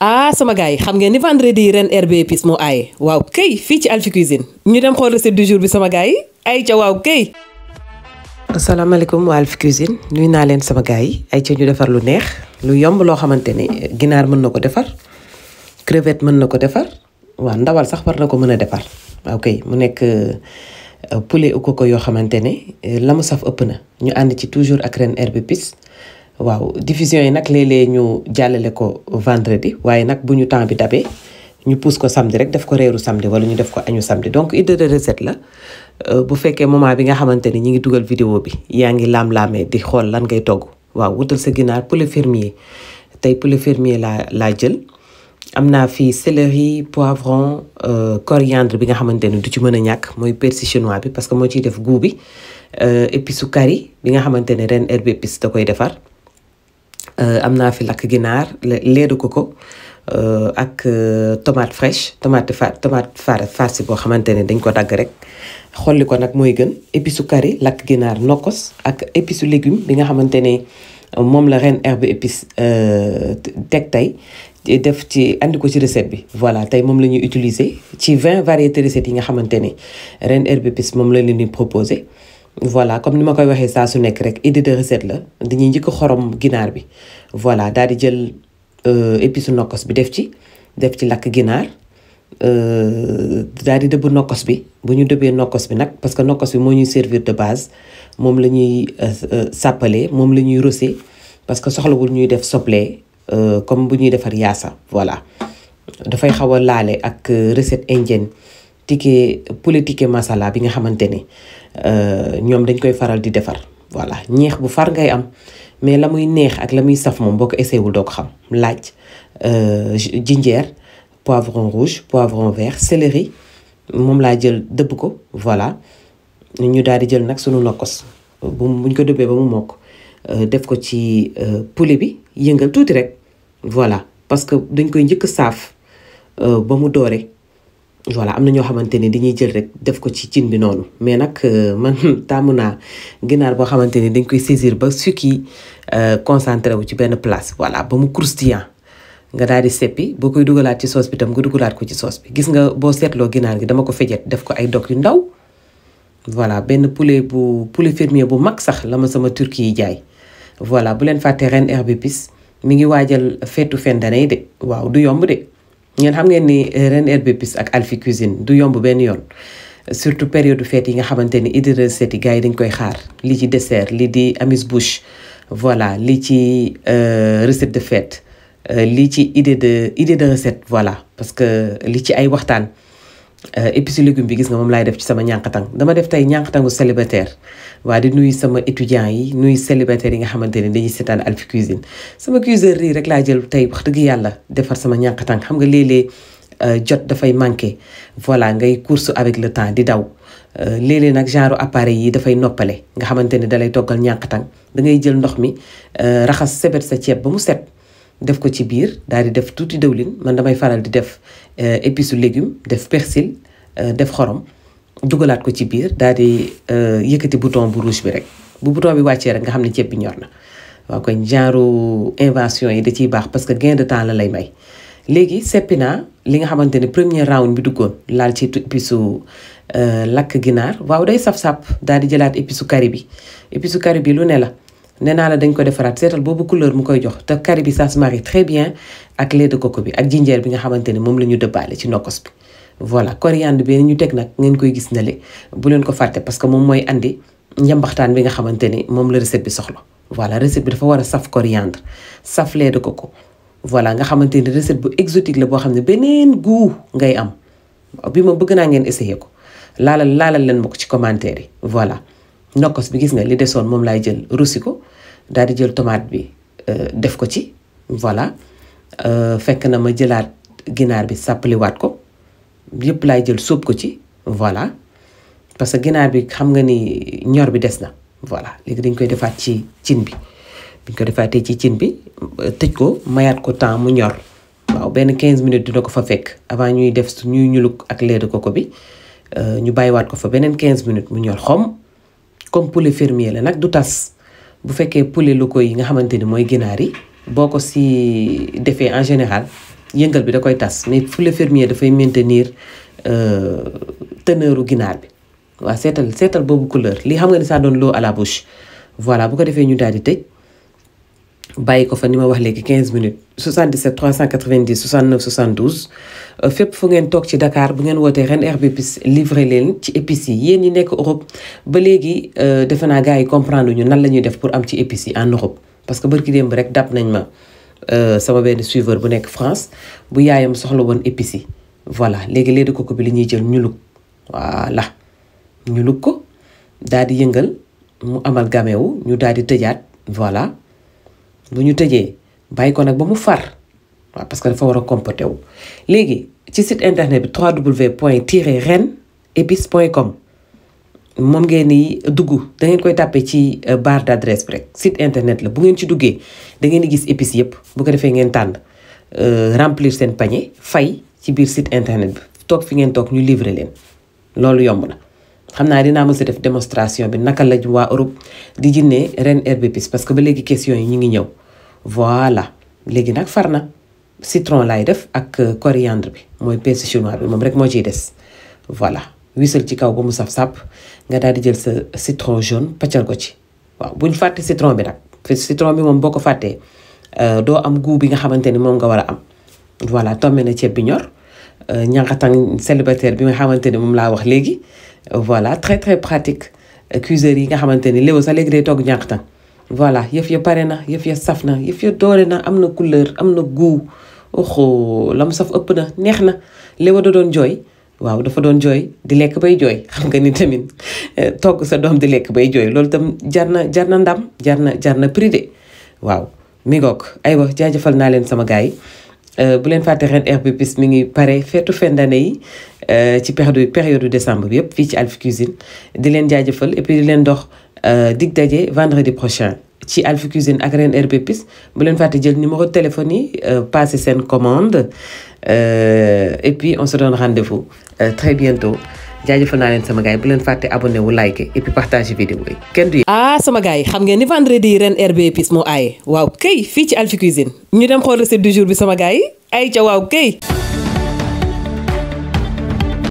ah sama gars yi xam ngeen ni vendredi ren herbe épice moo aaye waaw kay fii ci Alphie Cuisine ñu dem xool recette du jour bi sama gars yi ay ca waaw kay. asalaamaaleykum waa Alphie Cuisine nuyu naa leen sama gars yi ay ca ñu defar lu neex lu yomb loo xamante ni ginaar mën na ko defar crevette mën na ko defar waaw ndawal sax war na ko mën a defar waaw kay mu nekk. Euh, pule au coco yoo xamante ne euh, la mu saf ëpp na ñu ànd ci toujours ak Reen Herbes Épices waaw diffusion yi nag léeg-léeg ñu jàllale ko vendredi waaye nag bu ñu temps bi dabee ñu pousse ko samdi rek def ko reeru samedi wala ñu def ko añu samedi donc idée de recette la euh, bu fekkee moment bi nga xamante ni ñi ngi dugal vidéo bi yaa ngi laam-laamee di xool lan ngay togg waaw wutal sa ginaar poulet fermier tey poulet fermier la laa jël am naa fii céleri poivron euh, coriandre bi nga xamante ni du ci mën a ñàkk mooy persil chinois bi parce que moo ciy def goût bi euh, épice su curry bi nga xamante ne ren herbe da koy defar Euh, am naa fi lakk ginaar leedu koko euh, ak euh, tomate fraîche tomate fa tomate far farci boo xamante ne dañ ko dagg rek xolli ko nag mooy gën épice curry lakk ginaar nokkos ak épice légume bi nga xamante ne moom la Reen Herbes et Épices teg tey def ci andi ko ci recette bi voilà tey moom la ñuy utiliser ci 20 variété recettes yi nga xamante ne Reen Herbes et moom la leen di proposé voilà comme ni ma koy waxee saa su nekk rek idée de recette la dañuy njëkk xorom ginaar bi voilà daal di jël euh, épice nokkos bi def ci def ci lakk ginaar euh, daal di dëbb nokkos bi bu ñu dëbbee nokkos bi nag parce que nokkos bi moo ñuy servir de base moom la ñuy euh, sàppale moom la ñuy rosé parce que soxlawul ñuy def soble comme bu ñuy defar yaasa voilà dafay xaw a laale ak recette indienne politique politique masala bi nga xamante ni euh, ñoom dañ koy faral di defar voilà ñeex bu far ngay am mais la muy neex ak la muy saf moom boo ko essayé wul doo ko xam laaj euh, jinjeer poivron rouge poivron vert céleri moom laa jël dëbb ko voilà ñu daal di jël nag sunu nokkos bu buñ ko dëbbee ba mu mokk euh, def ko ci poulet bi yëngal tuuti rek voilà parce que dañ koy njëkk saaf ba mu doore voilà am na ñoo xamante ni dañuy jël rek def ko ci cin bi noonu mais nag euh, man taamu naa ginaar boo xamante ni dañ koy saisir ba sukki euh, concentré wu ci benn place voilà ba mu croustillant nga daal di seppi boo koy dugalaat ci soos bi tam nga dugalaat ko ci soos bi gis nga boo seetloo ginaar gi dama ko fejet def ko ay dog yu ndaw voilà benn poulet bu poulet fermier bu mag sax la ma sama turki yi jaay voilà bu leen fàtte Reen Herbes Épices mi ngi waajal feetu fin d'année waaw du yomb de ngeen xam ngeen ni eh, Reen Herbes Épices ak Alphie Cuisine du yomb benn yoon surtout période fête yi nga xamante ni Idrissa Seck gars yi dañ koy xaar lii ci dessert lii di amuse-bouche voilà lii ci eh, recette de fête eh, lii ci idée de idée de recette voilà parce que lii ci ay waxtaan Euh, épices et légumes bi gis nga moom laay def ci sama ñànkatang dama def tey ñànkatangu célibataire waa di nuyu sama étudiants yi nuyu célibataire yi nga xamante ne dañuy seetaan Alphie Cuisine sama cuisinière rek laa jël tey wax dëgg yàlla defar sama ñànkatang xam nga léeg-léeg euh, jot dafay manqué voilà ngay course avec le temps di daw euh, léeg-léeg nag genre appareil yi dafay noppale nga xamante ne dalay toggal ñànkatang da ngay jël ndox mi raxas sebet sa ceeb ba mu set def ko ci biir daal di def tuuti dëwlin man damay faral di def euh, épices u légumes def persil euh, def xorom dugalaat ko ci biir daal di euh, yëkkati bouton bu rouge bi rek bu bouton bi wàccee rek nga xam ne ceeb bi ñor na waaw koy genre invention yi da ciy baax parce que gain de temps la lay may léegi seppi naa li nga xamante ne premier round bi duggoon laal ci épice u lakk ginaar waaw day saf-sap daal di jëlaat épice u kari bi épice u kari bi lu ne la nee naa la dañ ko defaraat seetal boobu couleur mu koy jox te kari bi ça se marie très bien ak lait de coco bi ak jinjeer bi nga xamante ne moom la ñu dëbbaale ci nokkos bi. voilà coriandre ñu teg nag ngeen koy gis ne le bu leen ko fàtte parce que moom mooy andi njambaxtaan bi nga xamante ni moom la recette soxla voilà recette bi dafa war a saf coriandre saf lait de coco. voilà nga xamante ni recette bu exotique la boo xam ne beneen goût ngay am bi ma bëgg naa ngeen essayer ko laalal laalal leen ma ko ci commentaire yi voilà nokkos bi gis nga li desoon moom laay jël russi ko daal di jël tomaate bi euh, def ko ci voilà euh, fekk na ma jëlaat ginaar bi sàppaliwaat ko yëpp laay jël sóob ko ci voilà parce que ginaar bi xam nga ni ñor bi des na voilà léegi dañ koy defaat ci cin bi buñ ko defaatee ci cin bi euh, tëj ko mayaat ko temps mu ñor waaw benn 15 minutes dina ko fa fekk avant ñuy def ñuy ñuluk ak lait ko ko bi ñu bàyyiwaat ko fa beneen 15 minutes mu ñor xom comme poulet fermier la nag du tas bu fekkee poulet locaux yi nga xamante ni mooy ginaar yi boo ko si defee en général yëngal bi da koy tas mais poulet fermier dafay maintenir euh, teneuru ginaar bi waaw seetal seetal boobu couleur lii xam nga ni saa doon l'eau à la bouche voilà bu ko defee ñu daal di tëj bàyyi ko fa ni ma wax léegi 15 minutes 77 390 69 72 fépp fu ngeen toog ci Dakar bu ngeen wootee Reen Herbes Épices livré leen ci épices yi yéen ñi nekk Europe ba léegi euh, defe naa gars yi comprendre ñu nan la ñuy def pour am ci épices yi en Europe parce que bërki démb rek dab nañ ma euh, sama benn suiveur bu nekk France bu yaayam soxla woon épices yi voilà léegi lait de ko bi li ñuy jël ñulug voilà ñulug ko daal di yëngal mu amal gamewu ñu daal di tëjaat voilà bu ñu tëjee bàyyi ko nag ba mu far waaw parce que dafa war a comporté wu léegi ci site internet bi www point tire ren épice point com moom ngeen ni dugg da ngeen koy tàppee ci euh, barre d' bi rek site internet la bu ngeen ci duggee da ngeen di gis épices yëpp bu ko defee ngeen tànn euh, remplir seen panier fay ci biir site internet bi toog fi ngeen toog ñu livrer leen loolu yomb na. xam naa dinaa mos a def démonstration bi naka la waa Europe di jëndee ren herbe parce que ba léegi question yi ñu ngi ñëw. voilà léegi nag far na citron laay def ak euh, coriandre bi mooy pince chinois bi moom rek moo ciy des voilà wisal ci kaw ba mu saf sàpp nga daal di jël sa citron jaune paccal ko ci waaw buñ fàtte citron bi nag citron bi moom boo ko fàttee euh, doo am goût bi nga xamante ni moom nga war a am voilà tombé na ceeb bi ñor euh, ñaxatan célibataire bi nga xamante ni moom laa wax léegi voilà très très pratique cuiseur yi nga xamante ni léegi sax léegi day togg ñaxatan voilà yëf ya pare na yëf ya saf na yëf ya doore na am na couleur am na goût oxo la mu neex na léwa doon jooy waaw dafa doon jooy di lekk bay jooy xam nga ni tamit eh, togg sa doom di lekk bay jooy loolu tam jar na jar na ndam jar na jar na prix waaw mi ngoog aywa jaajëfal naa leen sama gars yi eh, bu leen fàtte ren Herbes et mi ngi pare feetu fin d'année yi eh, ci période période décembre yëpp fii ci Alphie Cuisine di leen jaajëfal et leen dox Euh, dig daje vendredi prochain ci Alphie Cuisine ak Reen Herbes Épices bu leen fàtte jël numéro téléphone yi euh, passé seen commande euh, et puis on se donne rendez-vous très bientôt jaajëfal naa leen sama gars yi bu leen fàtte abonné wu like et puis partage vidéo yi kenn du ah sama gars yi xam ngeen ni vendredi Reen Herbes Épices moo aaye waaw kay fii ci Alphie Cuisine ñu dem xool recette du jour bi sama gars yi ay ca waaw kay